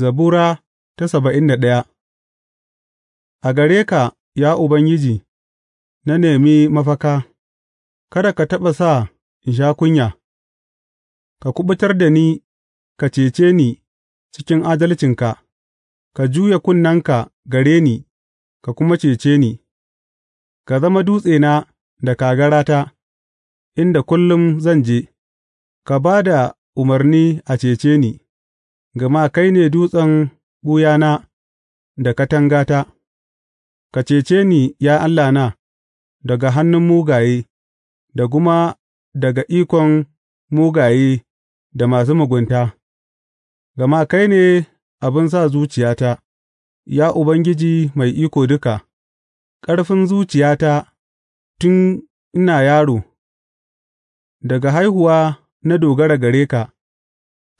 Zabura ta saba'in da ɗaya A gare ka, ya Ubangiji, na nemi mafaka, kada ka taɓa sa in sha kunya; ka kuɓutar da ni ka cece ni cikin adalcinka, ka juya kunnenka gare ni ka kuma cece ni, ka zama dutsena da kagarata, inda kullum zan je; ka ba da umarni a cece ni. gama kai ne dutsen ɓuyana da katangata; ka cece ni, ya Allahna, daga hannun mugaye, da kuma daga ikon mugaye da masu mugunta, gama kai ne abin sa zuciyata, ya Ubangiji Mai Iko Duka, ƙarfin zuciyata tun ina yaro, daga haihuwa na dogara gare ka;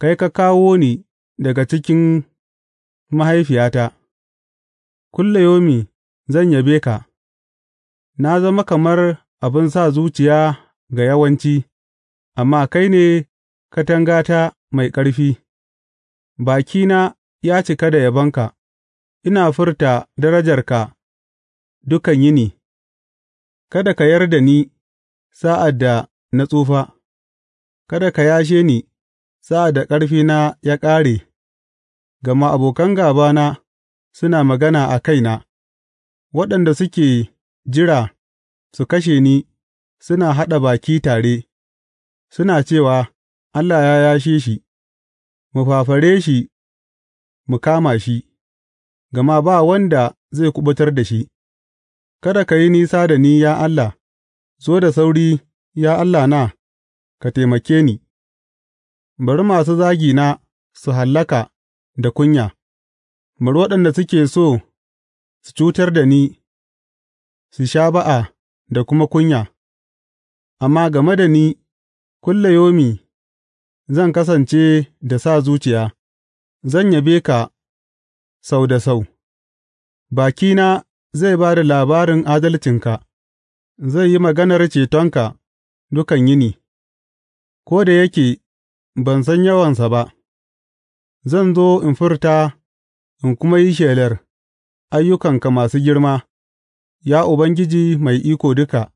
kai ka kawo ni. daga cikin mahaifiyata; Kulleyomi, zan yabe ka, na zama kamar abin sa zuciya ga yawanci, amma kai ne katangata mai ƙarfi; bakina ya cika da yabanka. ina furta darajarka dukan yini, kada ka yar da ni sa'ad da na tsufa, kada ka yashe ni sa'ad da ƙarfina ya ƙare. Gama abokan gābana suna magana a kaina; waɗanda suke jira su kashe ni suna haɗa baki tare, suna cewa, Allah ya yashe shi; mu fafare shi mu kama shi, gama ba wanda zai kuɓutar da shi Kada ka yi nisa da ni, ya Allah; zo da sauri, ya Allah na, ka taimake ni; bari masu zagina su hallaka. da kunya, bari waɗanda suke so su cutar da ni su sha ba'a da kuma kunya, amma game da ni kulle yomi zan kasance da sa zuciya, zan yabe ka sau da sau, bakina zai ba da labarin adalcinka, zai yi maganar cetonka dukan yini, ko da yake ban san yawansa ba. Zan zo in furta in kuma yi shelar ayyukanka masu girma, ya Ubangiji Mai Iko Duka;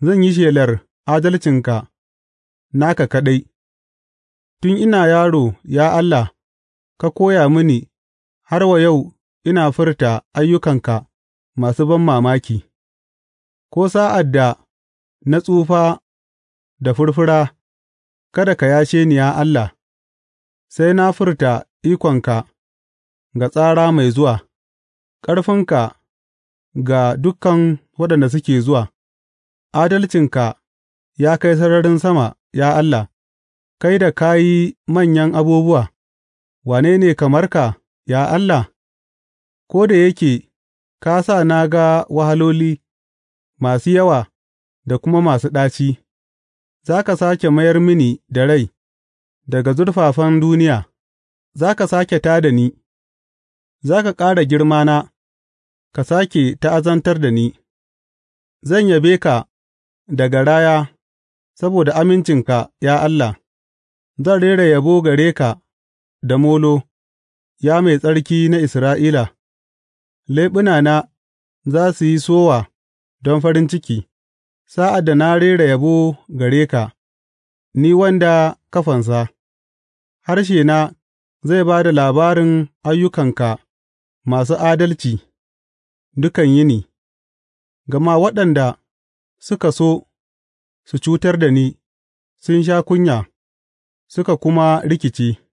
zan yi shelar adalcinka naka kaɗai, Tun ina yaro, ya Allah, ka koya mini, har wa yau ina furta ayyukanka masu ban mamaki. ko sa'ad da na tsufa da furfura, kada ka yashe ni, ya Allah. sai na furta ikonka ga tsara mai zuwa, ƙarfinka ga dukan waɗanda suke zuwa, adalcinka ya kai sararin sama, ya Allah, kai da ka yi manyan abubuwa, wane ne kamar ka, ya Allah? Ko da yake ka sa na ga wahaloli masu yawa da kuma masu ɗaci, za ka sake mayar mini da rai. daga zurfafan duniya, za ka sake tā da ni, za ka ƙara girmana, ka sāke ta'azantar da ni, zan yabe ka Daga raya. saboda amincinka, ya Allah, zan rera yabo gare ka da molo, ya mai tsarki na Isra'ila, leɓunana za su yi sowa don farin ciki, sa'ad da na rera yabo gare ka, ni wanda kafansa. Harshena zai ba da labarin ayyukanka masu adalci dukan yini, gama waɗanda suka so su cutar da ni sun sha kunya suka kuma rikici.